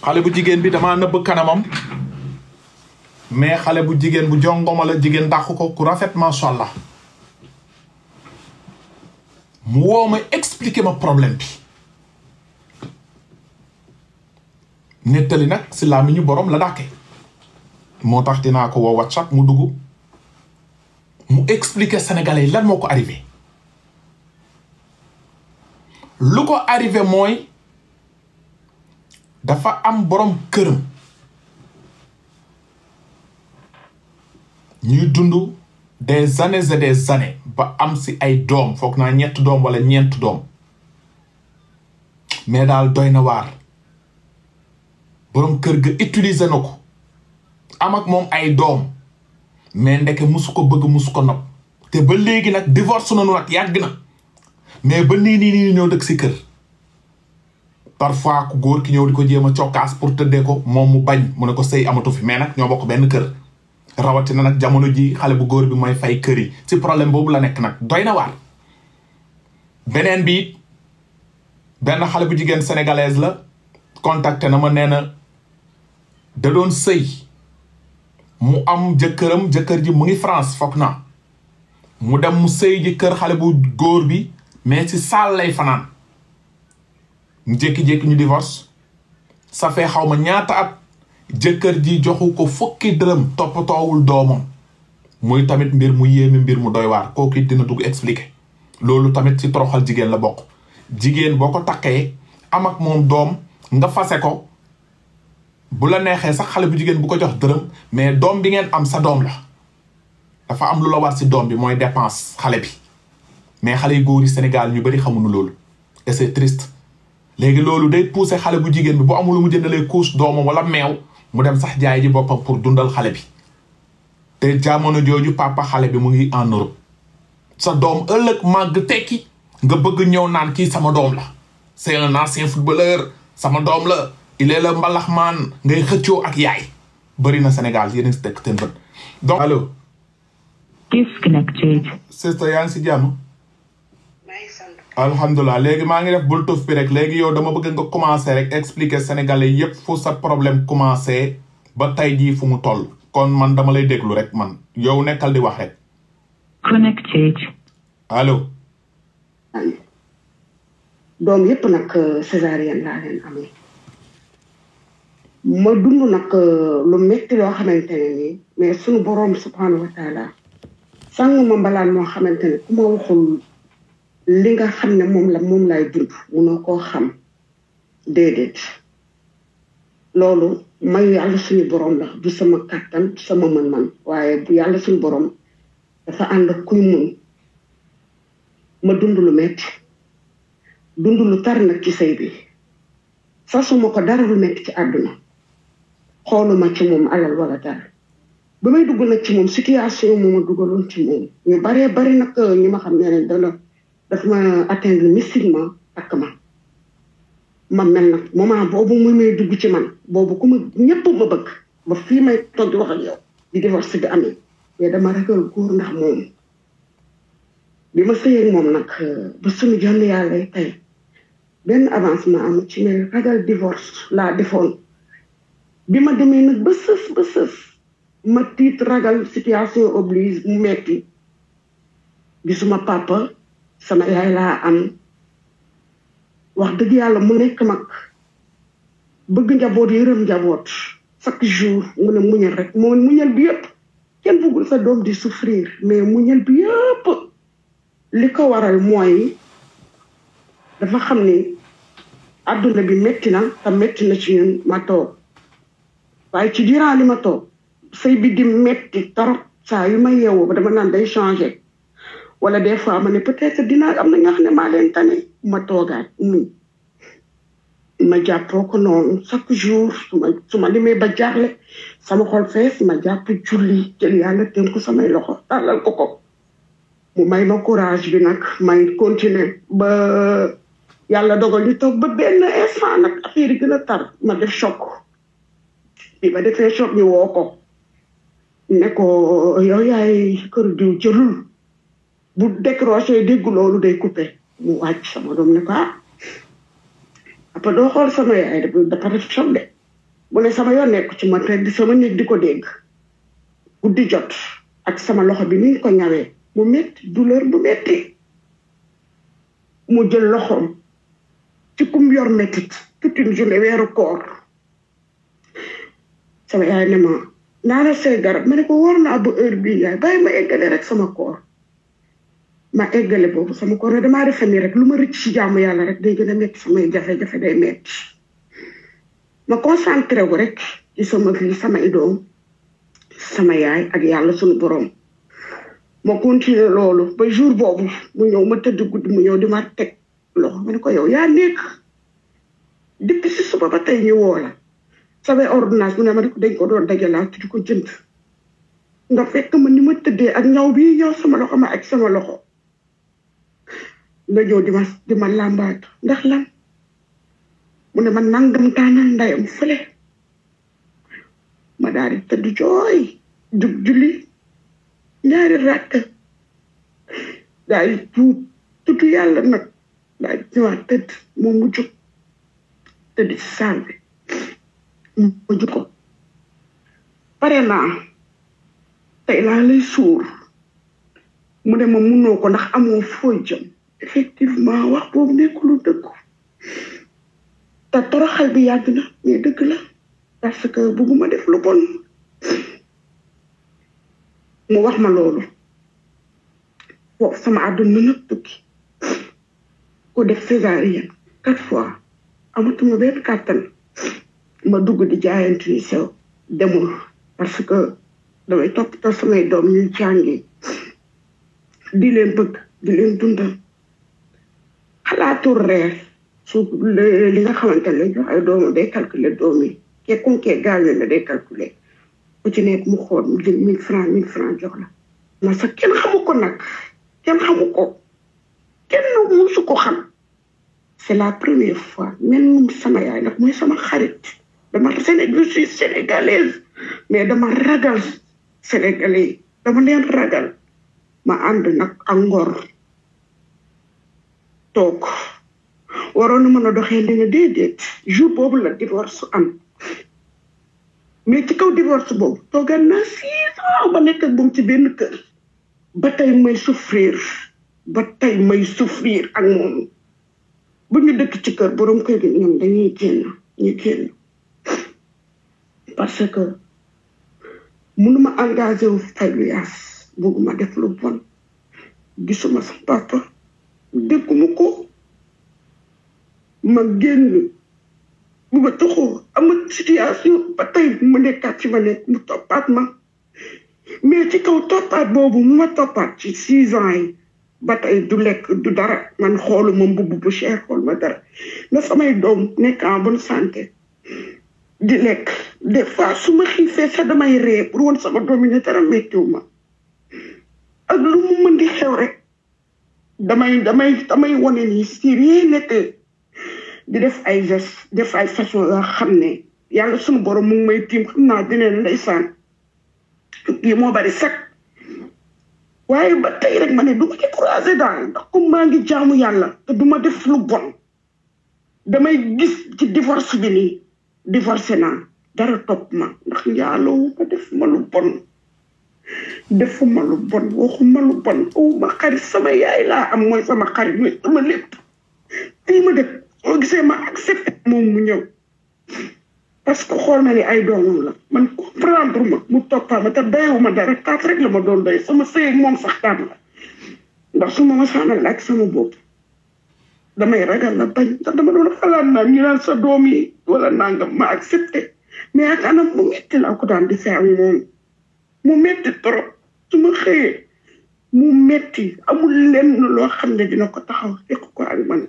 xale bu jigéen bi damaa nëbb kanamam mais xale bu jigéen bu jongoma la jigéen dàq ko ku rafet macha allah mu woo ma expliquer ma problème bi nettali nag si laa mi borom la dàkke moo tax dinaa ko woo WhatsApp mu dugg mu expliquer sénégalais yi lan moo ko arrivé lu ko arrivé mooy dafa am borom këram ñuy dund des années et des années ba am si ay doom foog naa ñett doom walla ñeent doom mais daal doy na waar boroom kër ga utiliser na ko am ak moom ay doom mais ndeke musu ko bëgg musu ko nopp te ba léegi nag divorce nañu nag yàgg na mais ba nii nii nii ñëw dëkk si kër parfois ku góor ki ñëw di ko jéem a cokkaas pour tëddee ko moom mu bañ mu ne ko sëy amatu fi mais nag ñoo bokk benn kër rawatina nag jamono ji xale bu góor bi mooy fay kër yi si problème boobu nag doy na waar beneen bi benn xale bu jigéen sénégalaise la contacté na ma nee na da doon sëy mu am jëkkëram jëkkër ji mu ngi France foog na mu dem mu sëy ji kër xale bu góor bi mais si saal lay fanaan jékki-jékki ñu divorce ça fait xaw ma ñaata at jëkkër ji joxu ko fukki dërëm toppatoowul doomam muy tamit mbir mu yéeme mbir mu doy waar kooku dina dugg expliquer loolu tamit ci toroxal jigéen la bokk jigéen boo ko taqee am moom doom nga fase ko bu la neexee sax xale bu jigéen bu ko jox dërëm mais doom bi ngeen am sa doom la dafa am lu la war si doom bi mooy dépense xale bi mais xale yu góor Sénégal ñu bari xamuñu loolu et c'est triste léegi loolu day pousser xale bu jigéen bi boo amul mu jëndalee couche doomam wala meew mu dem sax jaay ji boppam pour dundal xale bi te jamono jooju papa xale bi mu ngi en Europe sa doom ëllëg màgg tekki nga bëgg ñëw naan kii sama doom la c'est un footballeur sama doom la il est le mbalaxmaan ngay xëccoo ak yaay bëri na Sénégal yéen a ngi si dëkk seen bët donc allo. disconnected. sista yaa ngi si jàmm. alhamdulilah léegi maa ngi def bul tuf bi rek léegi yow dama bëgg nga commencé rek expliquer sénégalais yépp fu sa problème commencé ba tey jii fu mu toll kon man dama lay déglu rek man yow nekkal di wax rek. connected. doom yépp nag euh, césarienne laa leen amee ma dund nag euh, lu métti loo xamante nii mais sunu borom subhanahu wa taala sang ma mbalaan moo xamante ne ku waxul. li nga xam ne moom la moom lay dund munoo koo xam déedéet loolu mayu yàlla suñu boroom la du sama kàttan sama mën waaye yàlla suñu borom dafa ànd ak kuy mun ma dund lu metti dund lu tar nag ci sëy bi fasuma ko dara lu metti ci àdduna xooluma ci moom alal wala dara ba may dugg nag ci moom situation mooma dugaloon ci moom ñu baree bari nag euh, ñu ma xam ne dala daf ma atteindre mystiquement ak ma ma mel nag moment boobu muy may dugg ci man boobu ku ma ñëpp ba bëgg ba fii may toog di wax di divorce bi amee mais dama ragal góor ndax moom bi ma sëyeeg moom nag euh, ba suñu jonn yàlla tey benn avancement am ci mais ragal divorce laa defoon bi ma demee nag ba ma tiit ragal situation oblige mu metti suma papa sama yaay laa am wax dëgg yàlla mu nekk mag bëgg njaboot yërëm njaboot chaque jour mu ne muñal rek moom muñal bi yëpp kenn bëggul sa doom di souffrir mais muñal bi yëpp li ko waral mooy dafa xam ni adduna bi metti na te metti na ci ñun ma toog waaye ci diiraa li ma sëy bi di metti torop saa yu ma yeewoo ba dama naan day changé wala des fois ma ne peut-être dinaa am na nga xam ne maa leen tane ma toogaat nii ma jàppoo ko noonu chaque jour su ma su ma limee ba jaaxle sama xol fees ma jàpp julli jël yàlla tënk ko samay loxo tàllal ko ko mu may ma courage bi nag may continuer ba yàlla dogal ñu toog ba benn instant nag affaire yi gën a tar ma def choc bi ma defe choc ñu woo ko ne ko yow yaay kër bu décroché dégg loolu day coupé mu wàcc sama doom ne ko ah xool sama yaay de mu ne sama yoon nekk ci ma te sama nit di ko dégg guddi jot ak sama loxo bi ni ko ñawee mu métti douleur bu métti mu jël loxoom ci kum yor métti toute une journée weeru koor sama yaay ne ma naa la say ma ne ko wóor naa bu heure bi yaay bàyyi ma eggale rek sama koor ma eggale boobu sama ko damaa defe ni rek lu ma rëcc ci jaamu yàlla rek day gën a métti samay jafe-jafe day métti ma concentré wu rek ci sama vie samay doom sama yaay ak yàlla sunu borom ma continuer loolu ba jour boobu mu ñëw ma tëdd guddi mu ñëw di ma teg loxo ma ne ko yow yaa nekk depuis ba tey woo la samay ordonnance mu ne ma dañ ko doon dajalaat ko jënd ndax fekk ma ni ma tëddee ak ñaw bi ñaw sama loxo ma ak sama loxo nga ñëw di ma di ndax lan mu ne ma nangam taanaan ndayam fële ma daal di tëdd jooy jug julli ñaari rakk daal di tuub tudd yàlla nag daal di ñëwaat tëdd moom mu jug tëdd ci saal bi mu jug ko pare naa tey laa suur mu ne ma munoo ko ndax amoo foo jëm effectivement wax boobu nekk lu dëgg te toroxal bi yàgg na mais dëgg la parce que bugguma def lu mu wax ma loolu foofu sama àdduna nag tukki ku def césarienne quatre fois amatuma benn kàttan ma dugg di jaayantu yi sew demul parce que damay toppatoo samay doom ñuy jàngi di leen bëgg di leen dundal xalaatu tour su li nga xamante ne joxe doomu day calculer doom yi kee comme kee gaañu la day calculer ku ci nekk mu xool mu jël mille franc mille franc jox la ma sax kenn xamu ko nag kenn xamu ko kenn ko xam c'est la première fois même sama yaay nag mooy sama xarit dama Sénégal je suis mais dama ragal sénégalais dama leen ragal ma ànd nag ak ngor toog waroon na mën a doxee dina déedéet jour boobu la divorce am mais ci kaw divorce boobu toogaan naa six ans ba nekk ak moom ci benn ba tey may souffrir ba tey may souffrir ak moom bu ñu dëkk ci kër borom kër gi ñoom dañuy génn ñu génn parce que mënuma engagé wu fay lu yaas bëgguma def lu bon gisuma sa papa dégguma ko ma génn bu ma taxoo amul situation ba tey mu nekkaat ci ma nekk mu toppaat ma mais ci kaw toppaat boobu mu ma toppaat ci six yi ba tey du lekk du dara man xooluma mbubb bu cher xooluma dara na samay doom nekk en bonne santé di lekk des fois su ma xiifee sax damay ree pour woon sama doom yi ne dara méttiwu ma ak lu mu mën di xew rek damay damay damay wane ni si rien n'était di def ay gestes def ay façon yoo xam ne yàlla suñu borom mu may tiim xam naa dinañ ndeysaan kii moo bari sax waaye ba tey rek ma ne du ma ci daal ndax comme maa ngi jaamu yàlla te du def lu bon damay gis ci divorce bi nii divorcé naa dara topp ma ndax njaaloo ma def ma lu bon defuma lu bon waxuma lu bon aw ma xarit sama yaay laa am mooy sama xarit mooy sama lépp lii def soo gisee ma accepté moom mu ñëw parce que xool na ni ay doomam la man comprendre ma mu toppaa ma te doyewuma dara taat rek la ma doon doy sama sëy moom sax daan la ndax su ma masaanal ak sama bopp damay ragal la bañ ndax dama doon xalaat naa ñu naan sa doom yi wala nangam ma accepté mais ak anam mu metti laa ko daan di saa moom mu metti trop su ma xëyee mu metti amul lenn loo xam ne dina ko taxaw seq ko ak man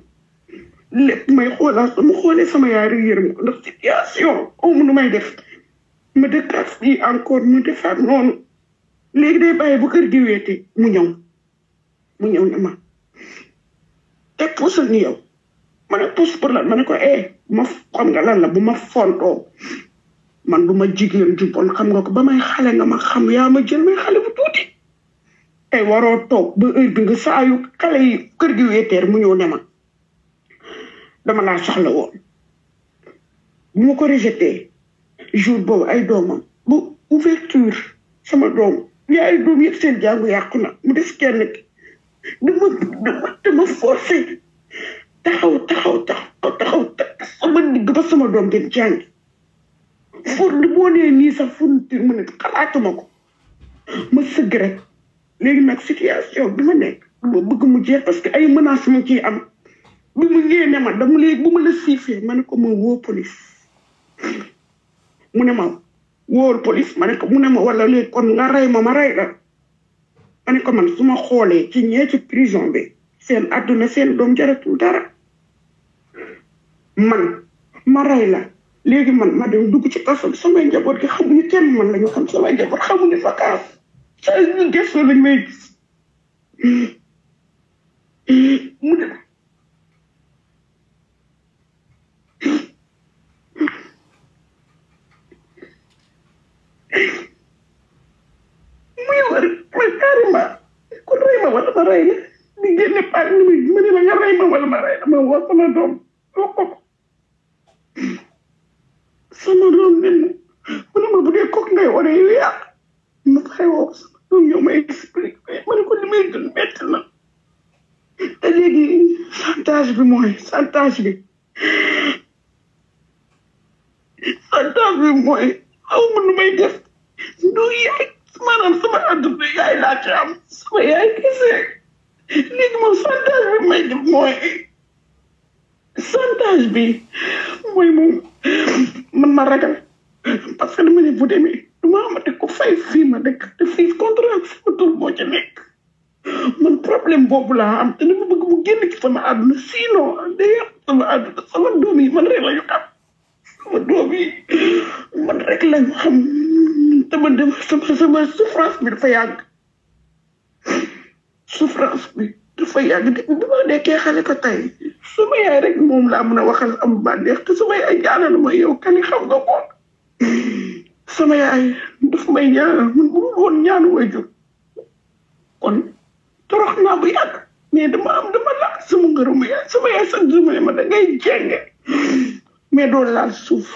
lépp may xoola su ma xoolee sama yaari yërëm ko ndax situation amu nu may def ma dëkkaat fii encore mu defaat noonu léegi day bàyyi bu kër gi weete mu ñëw mu ñëw ne ma te puusal ni yow ma ne puus pour lan ma ne ko eh ma xam nga lan la bu ma fontoo man du ma jigéen ju xam nga ko ba may xale nga ma xam yaa ma jël may xale bu tuuti ay waroo toog ba heure bi nga saa yu xale yi kër gi mu ñëw ne ma dama laa soxla woon bu ko rejeté jour boobu ay doomam bu ouverture sama doom yaa ay doom yëpp seen jàngu yàqu na mu des kenn ki dama dama dama forcé taxaw taxaw taxaw taxaw sama digg ba sama doom dem jàngi for li boo nee nii sax fourniture mu ne xalaatuma ko ma sëgg rek léegi nag situation bi ma nekk ma mu jeex parce que ay menaces ma ki am bi mu ñëwee ne ma dama léegi bu ma la siifee ma ne ko ma woo police mu ne ma wóor police ma ne ko mu ne ma walla léegi kon nga rey ma ma rey la ma ne ko man su ma xoolee ci ñee ci prison bi seen àdduna seen doom jaratul dara man ma rey la léegi man ma dem dugg ci kaso bi samay njaboot gi xamuñu kenn man xam samay njaboot xamuñu vacance saa yu gëstu lañ may gis mu ne muy war man carrément kon rey ma wala ma rey la di génne ni ma ne ma rey ma wala ma rey la ma woo sama doom boo sama doom bi li may dund bi mooy chantage bi mooy aw nu may def du yaay maanaam sama àdduna yaay laa ci am yaay kese léegi moom chantage bi may def mooy chantage bi mooy moom man ma ragal parce que dama ne bu demee du ma amati fay fii ma dëkk te fii contrat sama tur moo man problème boobu laa am te dama bëgg mu génn ci sama àdduna sinon day yàq sama àdduna sama doom yi man rek la xam sama doom man rek la xam dama dem sama sama souffrance bi dafa yàgg dafa yàgg de bi ma nekkee xale ko tey suma yaay rek moom laa mën a waxal am bànneex te suma yaay ñaanal ma yow kali xam nga ko sama yaay daf mais yaay sama yaay sax dama ne ma da ngay jenge mais laal suuf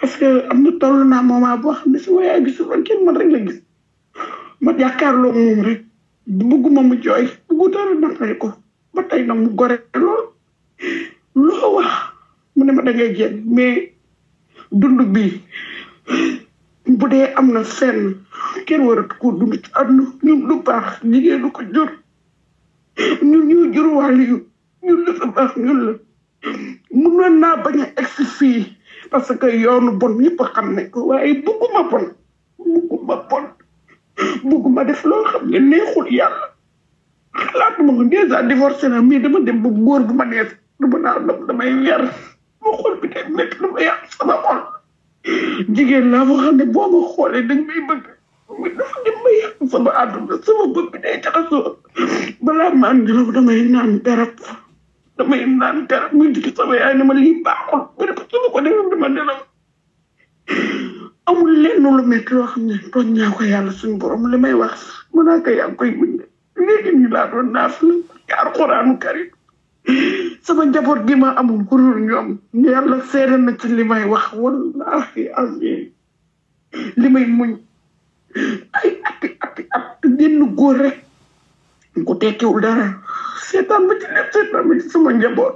parce que am na toll naa moment boo xam ne sama yaay gisul woon kenn man rek la gis ma jàkkaarloo moom rek bugguma mu jooy buggu dara naqari ko ba na mu gore lool loo wax mu ne ma da ngay mais dund bi bu dee am na fenn kenn waratu ko dund ci àdduna ñun du baax jigéen du ko jur ñun ñu jur wàllu yu ñun la fa baax ñun la mënoon naa bañ a egsi fii parce que yoonu bon ñëpp xam ne ko waaye bugguma bon bugguma bon ma def loo xam ne neexul yàlla xalaatuma ko dèjà divorcé na mi dama dem ba góor bu ma neex dama naa dam damay weer ma xool bi day métti dama yàq sama xol jigéen laa boo xam ne boo ma xoolee danga may bëgg mais dafa dem ba yàq sama àdduna sama bëgg bi day jaxasoo balaa maa nelaw damay naan garab damay naan garab muy jigi sama yaay ma lii baaxul ma ne ko su ma ko dama amul lenn lu métti loo xam ne tooñ ñaa ko yàlla suñu borom li may wax mën naa ko yaa koy muñ léegi nii laa doon naaf la yaar xuraanu karim sama njaboot gi ma amul ku dul ñoom yàlla seere na ci li may wax wallahi azim li may muñ ay ati ati at génn góor rek ku tekkiwul dara seetaan ma ci lépp seetaan ma ci sama njaboot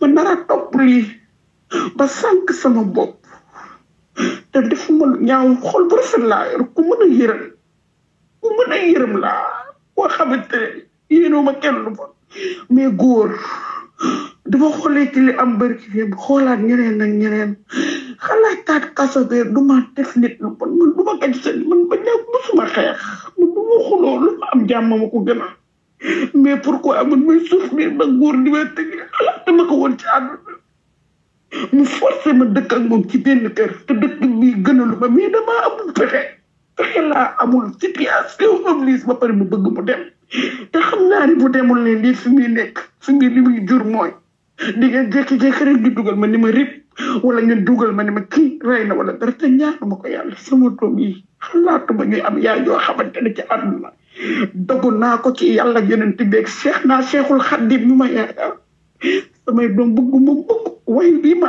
ma nara topp lii ba sànq sama bopp te defuma ñaaw xol bu rafet laa yor ku mën a yërëm ku mën a yërëm laa koo te ne yéenuma kenn lu bon mais góor dama xoolee ci li am bëri ci yéen xoolaat ñeneen a ñeneen xalaataat kaso bee du ma def nit lu bon man du ma gaj seen man ba ñaaw musuma xeex man du ma xuloo lu ma am jàmm ma ko gën a mais pourquoi man may souffrir ba góor di ma tëgg xalaat dama ko woon ci mu forcé ma dëkk ak moom ci benn kër te dëkk bi gënalu ma mais damaa amul pexe pexe laa amul situation oblige ba pare mu bëgg mu dem te xam naa ni bu demul ne lii fi muy nekk fi muy li jur mooy di ngeen jékki-jékki rek di dugal ma ni ma rib wala ngeen dugal ma ni ma kii rey na wala dara te ñaanuma ko yàlla sama doom yi xalaatuma ñuy am yaay joo xamante ne ci àdduna dogu naa ko ci yàlla yonent beeg seex naa seexul xaddim mu ma yaakaar samay doom bëgg ma bëgg wayu bii ma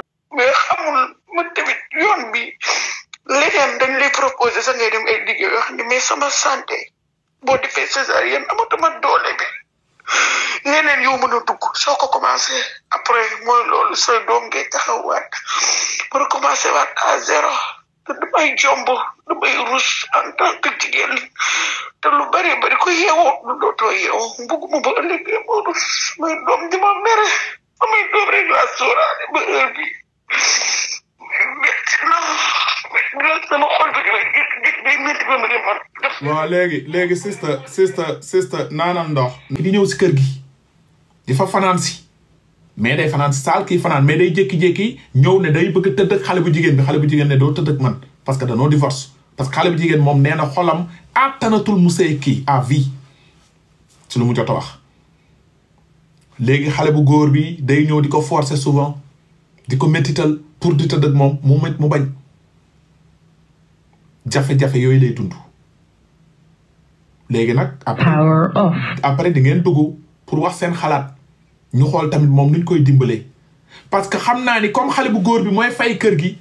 xamul man tamit yoon bi leneen dañ le proposé sa ngay dem ay liggéey yoo xam ne mais sama santé boo defee césarienne amatuma doole bi leneen yow mën a dugg soo ko commencé après mooy loolu say doom ngay taxaw waat pour commencé waat a zéro te damay jomb damay rus en tant que jigéen te lu bari bari ko yeewoo lu dootoo yeewoo bëgguma ba ëllëg ma rus may doom di ma mere samay doom rek laa sóoraale ba heure bi métti na ne man waaw léegi léegi sista sista sista naanal ndox di ñëw kër gi di fa si mais day fanaan saal kii fanaan mais day jékki-jékki ñëw ne day bëgg tëdd xale bu jigéen bi xale bu jigéen ne doo tëdd man parce que danoo divorce parce que xale bu jigéen moom nee xolam attanatul mu sëy kii à vie su lu mu jot a wax léegi xale bu góor bi day ñëw di ko forcer souvent di ko métital pour di tëdd moom mu mét mu bañ jafe-jafe yooyu lay dund léegi nag après di ngeen dugg pour wax seen xalaat ñu xool tamit moom nuñ koy dimbalee parce que xam naa ni comme xale bu góor bi mooy fay kër gi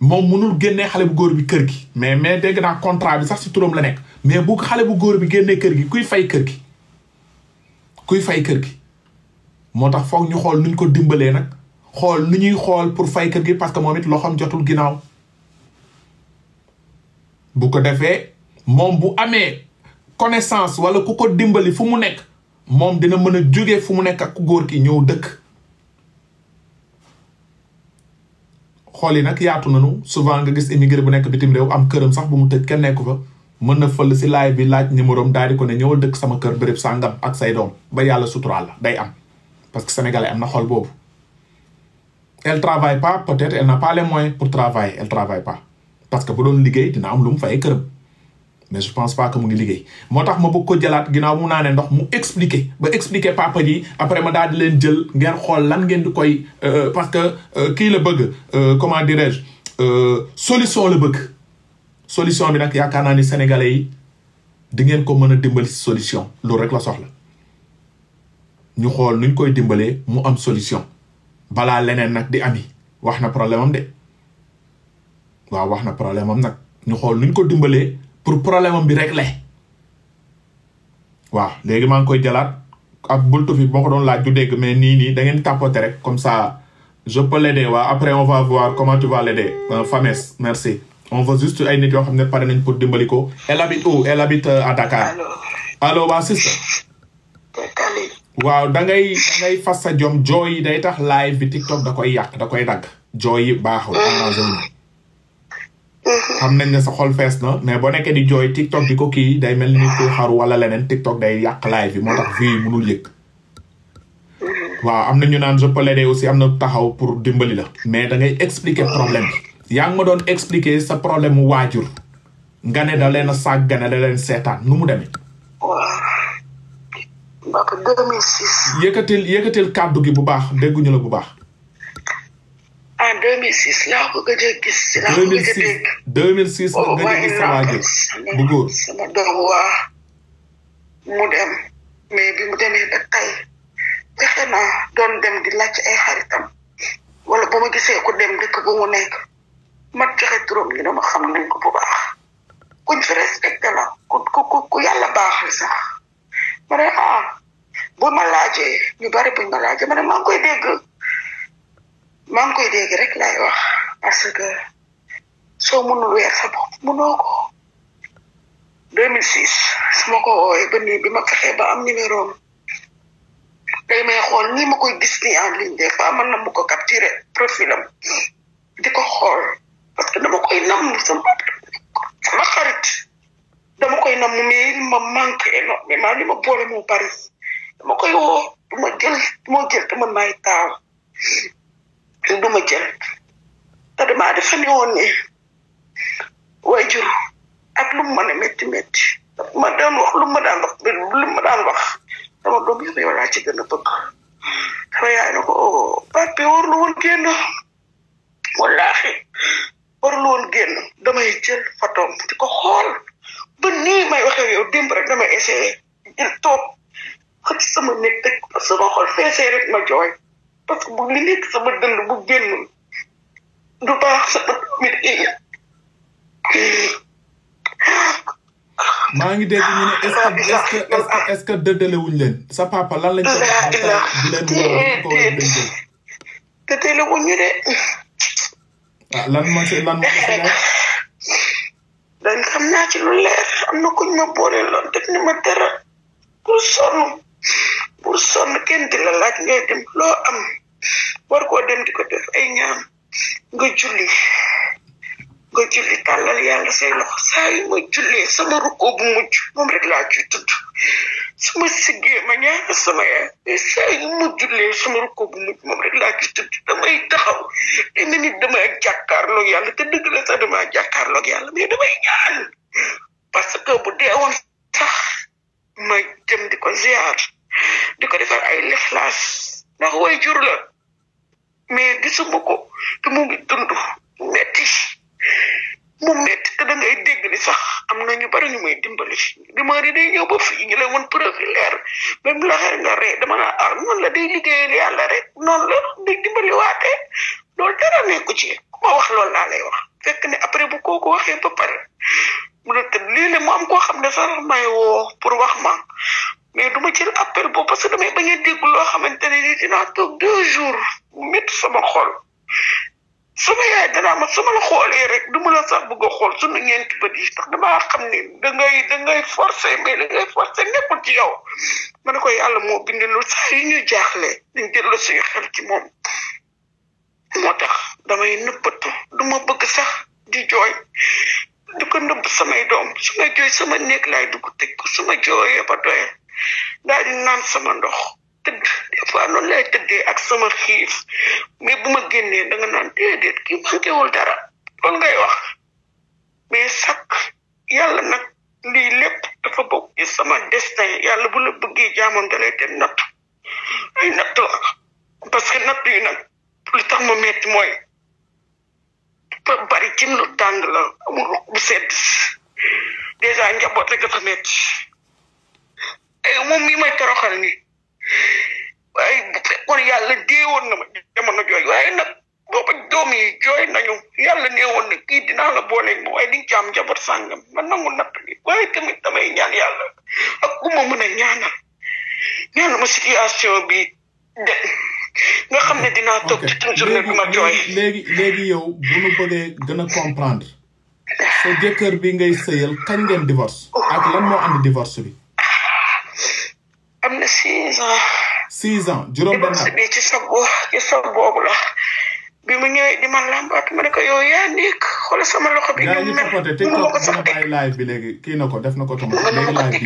moom mënul génnee xale bu góor bi kër gi mais mais dégg naa contrat bi sax ci turam la nekk mais bu xale bu góor bi génnee kër gi kuy fay kër gi kuy fay kër gi moo tax foog ñu xool nuñ ko dimbalee nag xool nu ñuy xool pour fay kër gi parce que moom it loxoom jotul ginnaaw bu ko defee moom bu amee connaissance wala ku ko dimbali fu mu nekk moom dina mën a jóge fu mu nekk ak góor ki ñëw dëkk xool yi nag yaatu nañu souvent nga gis émigré bu nekk bitim réew am këram sax bu mu tëj kenn nekku fa mën na fël si laay bi laaj numéro am daal di ko ne ñëwal dëkk sama kër béréb sàngam ak say doom ba yàlla suturaal la day am parce que sénégalais am na xol boobu elle travaille pas peut-être n'a pas les moyens pour travailler elle travaille pas parce que bu doon liggéey dina am lu mu fay këram mais je pense pas que mu ngi liggéey moo tax ma bëgg ko jëlaat ginnaaw mu naa ne ndox mu expliquer ba expliquer papa ji après ma daal di leen jël ngeen xool lan ngeen di koy euh, parce que euh, kii la bëgg euh, comment dirais-je solution la bëgg solution bi nag yaakaar naa ni sénégalais yi di ngeen ko mën a dimbali solution loolu rek la soxla ñu xool nuñ koy dimbalee mu am solution balaa leneen nag di ami wax na problème am de waaw wax na problème am nag ñu xool nuñ ko dimbalee pour problème am bi régler waaw léegi maa ngi koy jalaat ak bultu fi boo ko doon laaj du dégg mais nii nii da ngeen tapoter rek comme ça je le l'aider waaw après on va voir comment tu vas l'aider euh, Famès merci on veut juste ay nit yoo xam ne pare nañ pour dimbali ko elle habite euh, à Dakar allo waa sister waaw da ngay fas sa jom jooy yi day tax live bi TikTok da koy yàq da koy dagg jooy yi baaxul arrangé xam nañ ne sa xol fees na mais boo nekkee di jooy TikTok di ko kii day mel ni ku xaru wala leneen TikTok day yàq live bi moo tax vie yi mënul yëg. Mm-hmm. waaw am na ñu naan je peux l'aider aussi am na taxaw pour dimbali la. mais da ngay expliquer problème bi. yaa ngi ma doon expliquer sa problème mu waajur. nga ne da leen a sàggane da leen seetaan nu mu demee. waaw. ba yëkkatil yëkkatil kàddu gi bu baax dégguñu la bu baax. man 2006 laa ko gëj a gis. ko gëj a dégg 2006 la gëj a gis sama ji bu góor sama doom waa mu dem ba tey fexe naa dem di laaj ay wala bu ma gisee ku dem dëkk bu mu nekk mat joxe turam ñu ne xam nañ ko bu baax kuñ fi respecté la ku ku ku yàlla baaxal sax ma ne ah bu ma laajee ñu bari ma laajee ma koy dégg. maa ngi koy dégg rek laay wax parce que soo mënul weer sa bopp mënoo ko 2006 su ma ko wooyee ba nii bi ma fexee ma koy gis nii en ligne des fois man na ko capturer profil am ko xool parce que dama koy nam sama sama xarit dama koy nam mais li ma manque énormément li ma boole moo bari dama koy woo du jël du jël te mën naay du ma jël te damaa defe woon ne waajur ak lu mu mën a métti métti ma daan wax lu ma daan wax lu ma daan wax dama doom yëpp yow laa ci gën a bëgg sama yaay na ko oh papi warul woon génn wallaahi warul woon damay jël photom di ko xool ba nii may waxee yow démb rek damay essayé jël toog xëcc sama nekk teg sama xol feesee rek ma jooy. parce bu li nekk sama dënd bu génnul du baax sama doomit maa ngi dégg ñu sa papa lan di leen woo de ah lan xam naa ci lu leer am na kuñ ma boole loon def ni ma dara pour sonn pour sonn kenn di la laaj ngay dem loo am war ko dem di ko def ay ñaan nga julli nga julli tàllal yàlla say loxo saa yu jullee sama rukkoo bu mujj moom rek laa ciy tudd siggee ma ñaan sama yaay saa yu jullee sama rukkoo bu mujj moom rek laa ciy tudd damay taxaw te ne nit damay jàkkaarloog yàlla te dëgg la sax damaa jàkkaarloog yàlla mais damay ñaan parce que bu deewoon sax ma dem di ko ziar di ay lixlaas ndax way jur la mais gisuma ko te mu ngi dund mu mu metti te da ngay dégg ni sax am na ñu bari ñu may dimbali dimanche yi day ñëw ba fii ñu lay woon preuve leer même la nga ree dama naa ah la day liggéeyal yàlla rek noonu la dimbali waatee loolu dara nekku ci ku ma wax lool laa lay wax fekk ne après bu kooku waxee ba pare mu ne te lii la mu am koo xam ne sax may woo pour wax ma mais du ma jël appel boobu parce que damay bañ a dégg loo xamante ne ni dinaa toog deux jours métti sama xool sama yaay danaa ma sama la xoolee rek du ma la sax bëgg a xool sunu ñeenti bët yi tax damaa xam ne da ngay da ngay forcer mais da ngay forcer nekkul ci yow ma ne ko yàlla moo bind lu saa yu ñu jaaxlee dañ jël suñu xel ci moom moo tax damay nëbbatu du ma bëgg sax di jooy di ko nëbb samay doom su ma jooy sama néeg laay dugg teg ko su ma jooyee ba doyal daal naan sama ndox tëdd des fois noonu lay ak sama xiif mais bu ma génnee da nga naan déedéet kii manqué wul dara loolu ngay wax mais sakk yàlla nag lii lépp dafa bokk ci sama destin yàlla bu la bëggee jaamoon da que natt yi nag tax ma metti mooy ba bari ci lu tàng la amul bu sedd dèjà njaboot rek dafa metti ay eh, moom mii may toroxal nii waaye bu fekkoon yàlla woon na ma jamono jooy waaye nag booba doom yi jooy nañu yàlla woon na kii dinaa la booleeg ma waaye di nga ci am njaboot sàngam ma nangu natt bi waaye tamit damay ñaan yàlla ak ku ma mën a ñaanal ñaanal bi de xam ne dinaa toog ci tun journée bi ma jooy léegi léegi yow bu nu bëggee gën a comprendre sa jëkkër bi ngay sëyal kañ ngeen divorce ak lan moo andi divorce bi six ans juróom benn at bi la mu ñëwee di man làmbaatu ma ne ko yow yaa sama loxo bi. ñu tapoté TikTok dina bàyyi live bi léegi kii na ko def na ko tombé léegi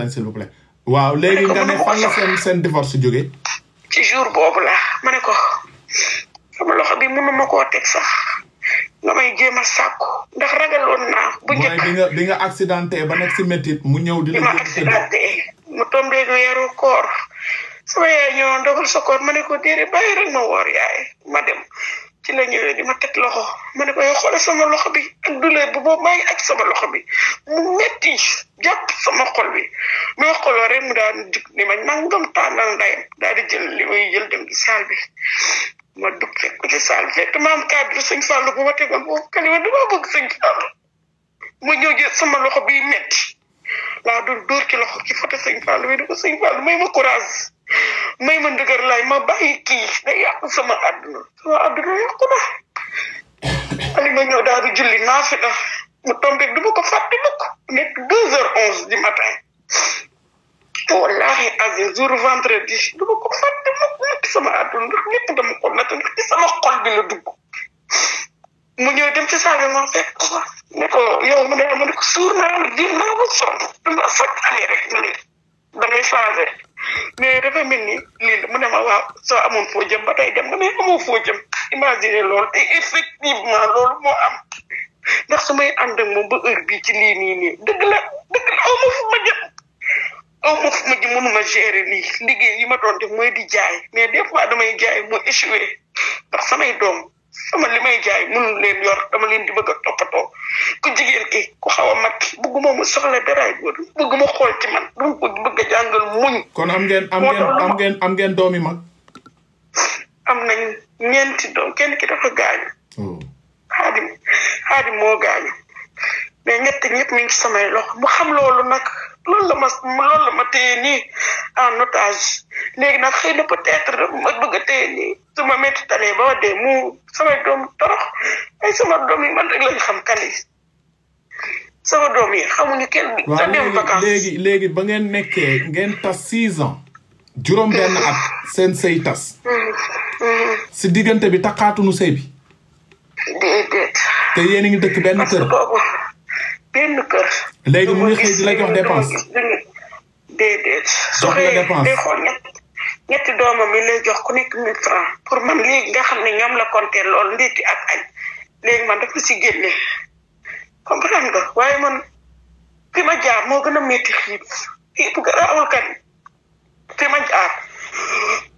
live bi waaw léegi nga ne fan la seen seen divorce jógee. ci jour boobu la ma ne sama loxo bi mënu ma koo teg sax nga may jéem a sàkku ndax ragaloon naa. bu njëkk mooy bi nga bi ba nekk si mu ñëw di la. mu tombé weeru koor. sama yaay ñëwoon dogal sa koor ma ne ko déedéet bàyyi rek ma woor yaay ma dem ci la ñëwee di ma teg loxo ma ne ko yow sama loxo bi ak douleur bu boobu maa ak sama loxo bi mu metti jàpp sama xool bi ma xoloo rek mu daan dig ni ma nangam tànnal ndayam daal di jël li muy dem ci saal bi ma dugg fekk ko ci saal bi fekk ma am cadre sëñ Fallou bu ma tegoon boobu kalima dama bëgg sëñ Fallou ma ñëw sama loxo bi metti laa du dóor ci loxo ci foto sëñ Fallou bi di ko sëñ Fallou may ma courage may ma ndëgër laay ma bàyyi kii day yàqu sama àdduna sama àdduna yàqu na alima ñëw daal di julli naa fi na mu tombé du ma ko fàtte mukk nekk deux heures onze du matin wallahi azim jour vendredi du ma ko fàtte mukk nekk sama àdduna ndax ñëpp dama ko natt ndax ci sama xol bi la dugg mu ñëw dem ci saal bi ma ko ne ko yow mu ne ne ko suur naa ba sonn dama mais dafa mel ni lii mu ne soo amoon foo jëm ba tey dem na mais amoo foo jëm imaginer e effectivement loolu moo am ndax su may ànd ak moom ba bii ci lii nii nii dëgg la dëgg la aw ma fu ma jëm aw ma fu yi ma doon def di jaay mais des fois damay jaay mu échoué ndax samay doom sama li may jaay mu leen yor dama leen di bëgg a toppatoo ku jigéen ki ku xaw a mag ki bëgguma mu soxla daraay góor bëgguma xool ci man dama ko bëgg a jàngal muñ. kon am ngeen am ngeen am ngeen am ngeen doomi mag. am nañ ñeenti doom kenn ki dafa gaañu. Oh. xaadim xaadim moo gaañu mais ñett ñëpp mi samay lox mu xam loolu nag loolu la ma loolu ma nii en otage léegi nag xëy na peut-être ma bëgg a téye su ma métti talee ba dee mu sama doom torox ay sama doom yi man rek lañ xam kan yi doom yi xamuñu kenn. sa dem vacance léegi léegi ba ngeen nekkee ngeen tas six ans. juróom benn at seen sëy tas. si diggante bi takkaatuñu sëy bi. déedéet. te yéen a ngi dëkk benn kër. benn léegi mu xëy di la jox dépense. déedéet. jox la dépense su xëyee day xool ñett. ñetti doomam yi lay jox ku nekk mille franc pour man léegi nga xam ne ñoom la compter lool ndéeti ak añ léegi man dafa si génne comprendre nga waaye man fi ma jaar moo gën a métti xiif xiif garaawul kan fi ma jaar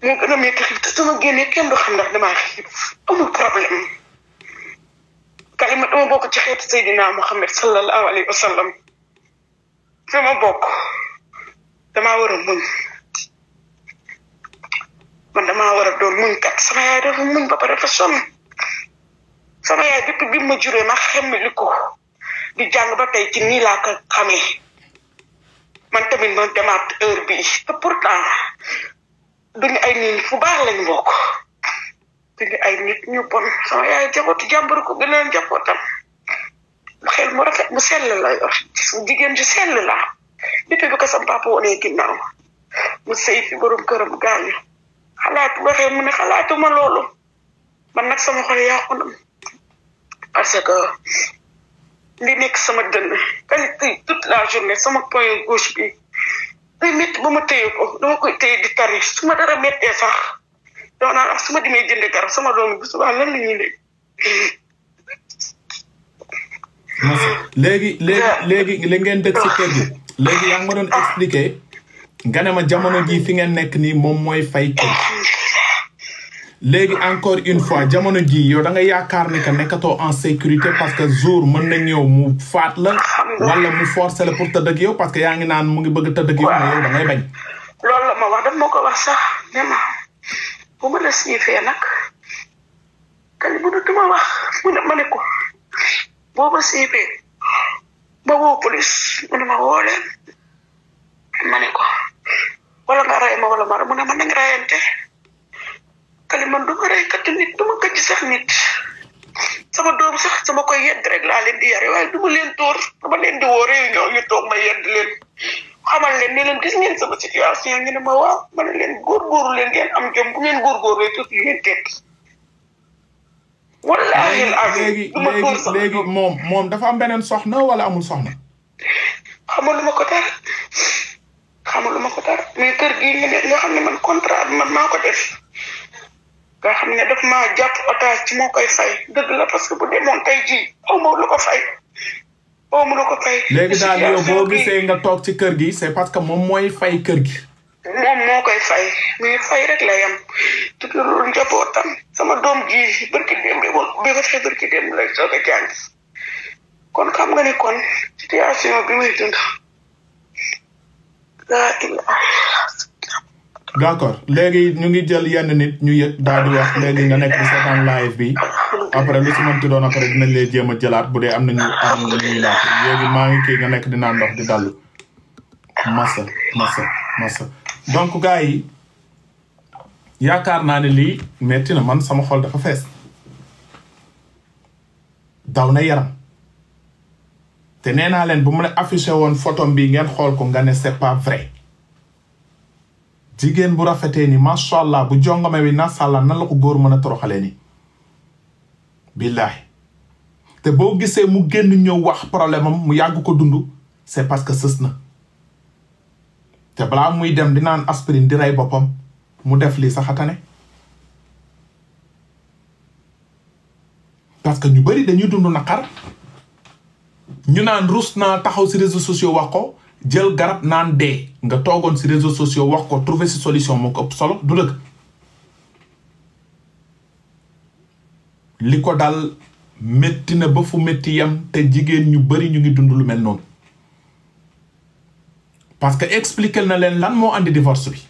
moo gën a métti xiif te sama génne kenn du xam ndax damaa xiif amul problème kalima dama bokk ci xeetu Seydina Muhammad sallallahu alayhi wa sallam fi ma bokk damaa war a man damaa war a doon muñ kat sama yaay dafa muñ ba pare dafa sonn sama yaay depuis bi ma juree ma xemme li ko di jàng ba tey ci nii laa ko man tamit ma demaat heure bi te pourtant duñu ay nit fu baax lañ bokk duñu ay nit ñu bon sama yaay jabootu jàmbur ko gën a jabootam xel mu rafet mu sell la yor jigéen ju sell la depuis bi ko sama mu sëy fi borom këram gaañu xalaat waxee mu ne xalaatuma loolu man nag sama xol yàqu parce que li nekk sama dënn qualité toute la journée sama point gauche bi day ba ma téye ko dama koy téye di tari su ma dara méttee sax doon naa ah, su ma demee jënd sama doom bi subaa lan la ñuy léegi. léegi léegi léegi li ngeen expliqué. nga ne ma jamono jii fi ngeen nekk nii moom mooy fay ko léegi encore une fois jamono jii yow da nga yaakaar ne que en sécurité parce que jour mën na ñëw mu faat la wala mu forcer la pour tëdd ak yow parce que yaa ngi naan mu ngi bëgg tëdd ak yow mais loolu la ma wax dama ko wax sax ne ma bu ma la siifee nag kali mënatuma wax siifee mu ne ma woo ma ne wala nga rey ma wala ma rey mu ne man nañ reyante kali man du ma reykati nit du ma gëj sax nit sama doom sax sama koy yedd rek laa leen di yare waaye du ma leen tóor dama leen di woo réunion ñu toog ma yedd leen xamal leen ne leen gis ngeen sama situation ñu ne ma waaw ma ne leen góorgóorlu leen ngeen am jom bu ngeen góorgóorlu tuuti ngeen tekki wallaahi léegi léegi léegi moom moom dafa am beneen soxna wala amul soxna xamaluma ko dara xam xamaluma ko dara mais kër gi ñu nga xam ne man contrat bi man maa ko def nga xam ne daf ma jàpp otage ci moo koy fay dëgg la parce que bu demoon tey jii aw ma fay aw ma lu ko fay. léegi daal nga toog ci kër gi c'est parce que moom mooy fay kër gi. moom moo koy fay mais fay rek la yam tuddul njabootam sama doom ji barki dem bi ko fay ki dem lay soog a jàng kon xam nga ne kon situation bi muy dund. d' accord léegi ñu ngi jël yenn nit ñu yëg daal di wax léegi nga nekk di seetaan live bi après lu si mënti doon après dinañ jéem a jëlaat bu dee am nañu am nañuy léegi maa ngi kii nga nekk di naan ndox di dallu massa massa massa donc gaa yi yaakaar naa ne lii metti na man sama xol dafa fees daw na yaram te nee naa leen bu mu la affiché woon photo bi ngeen xool ko nga ne c'est pas vrai jigéen bu rafetee ni macha allah bu jongome wi nasàlla na la ko góor mën a toroxalee ni billaahi te boo gisee mu génn ñëw wax problème am mu yàgg ko dund c'est parce que sës na te balaa muy dem di naan aspirine di rey boppam mu def lii saxatane parce que ñu bari dañuy dund naqar ñu naan rus naa taxaw si réseau sociaux wax ko jël garab naan dee nga toogoon si réseau sociaux wax ko trouver si solution moo ko ëpp solo du dëgg li ko dal métti na ba fu métti yam te jigéen ñu bari ñu ngi dund lu mel noonu parce que expliquer na leen lan moo andi divorce bi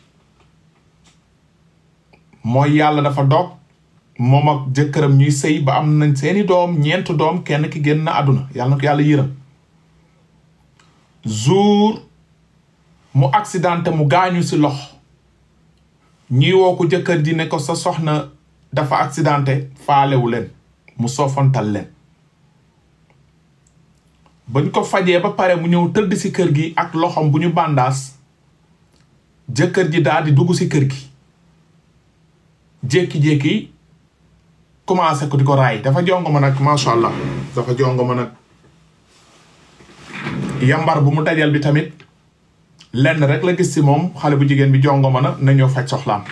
mooy yàlla dafa doog moom ak jëkkëram ñuy sëy ba am nañ seeni doom ñeent doom kenn ki génn na àdduna yàlla yàlla yërëm jour mu accidenté mu gaañu ci lox ñuy woo ko jëkkër ji ne ko sa soxna dafa accidenté faalewu leen mu sofantal leen bañ ko fajee ba pare mu ñëw tëdd ci kër gi ak loxom bu ñu bàndaas jëkkër ji daal di dugg ci kër gi jékki-jékki commencé ko di ko raay dafa jongo ma nag macha allah dafa jongo ma nag yambar bu mu dajal bi tamit lenn rek la gis si moom xale bu jigéen bi jongo ma na nañoo faj soxlaam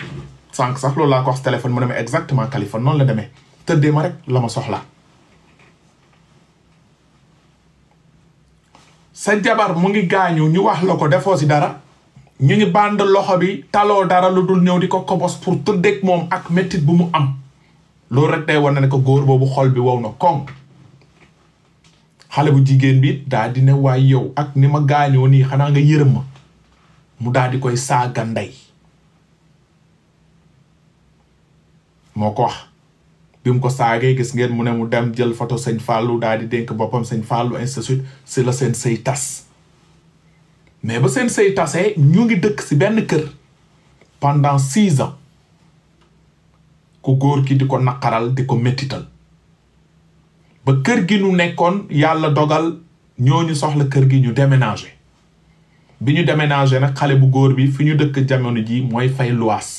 sànq sax loolu laa ko wax téléphone mu ne ma exactement téléphone noonu la demee tëddee ma rek la soxla sa jabar mu ngi gaañu ñu wax la ko defoo si dara ñu ñu bànd loxo bi taloo dara lu dul ñëw di ko kobos pour tëddeeg moom ak métit bu mu am loolu rek day wane ne ko góor boobu xol bi wow na kon xale bu jigéen bi daa ne waay yow ak ni ma gaañoo nii xanaa nga yërëm ma mu daal di koy saaga ndey moo ko wax bi mu ko saagee gis ngeen mu ne mu dem jël photo sëñ Fallou daal di dénk boppam sëñ Fallou ainsi de si la seen sëy tas mais ba seen sëy tasee ñu ngi dëkk si benn kër pendant six ans ku góor ki di ko naqaral di ko méttital ba kër gi nu nekkoon yàlla dogal ñooñu soxla kër gi ñu déménager bi ñu déménager nag xale bu góor bi fi ñu dëkk jamono ji mooy fay luwaas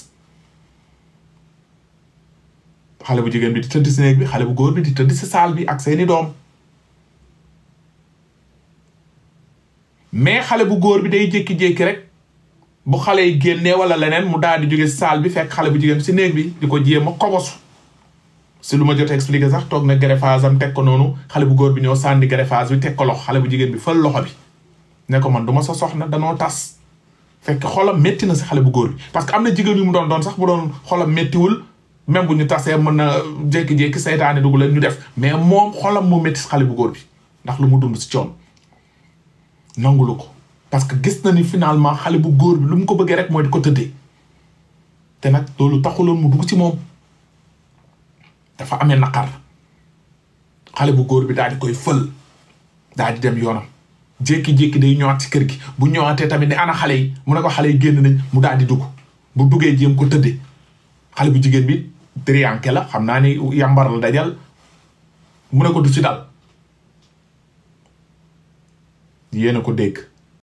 xale bu jigéen bi di tëdd si néeg bi xale bu góor bi di tëdd si saal bi ak seeni doom mais xale bu góor bi day jékki-jékki rek bu xale yi génnee wala leneen mu daal di jóge saal bi fekk xale bu jigéen si néeg bi di ko jéem a kobosu si lu ma jot a sax toog na greffage am teg ko noonu xale bu góor bi ñëw sànni greffage teg ko xale bu jigéen bi fël loxo bi ne ko man du ma sa soxna danoo tas fekk xolam métti na si xale bu góor bi parce que am na jigéen yu mu doon doon sax bu doon xolam méttiwul même bu ñu tasee mën na jékki-jékki saytaane dugg leen ñu def mais moom xolam moo métti si xale bu góor bi ndax lu mu dund si coon nangulu ko parce que gis na ni finalement xale bu góor bi lu mu ko bëggee rek mooy di ko tëddee te nag loolu taxuloon mu dugg ci moom dafa amee naqar xale bu góor bi daal di koy fël daal di dem yoonam jékki-jékki day ñëwaat ci kër gi bu ñëwaatee tamit ne ana xale yi mu ne ko xale yi génn nañ mu daal di dugg bu duggee jéem ko tëddee xale bu jigéen bi trianke la xam naa ni yàmbar la dajal mu ne ko du ci dal yéen a ko dégg.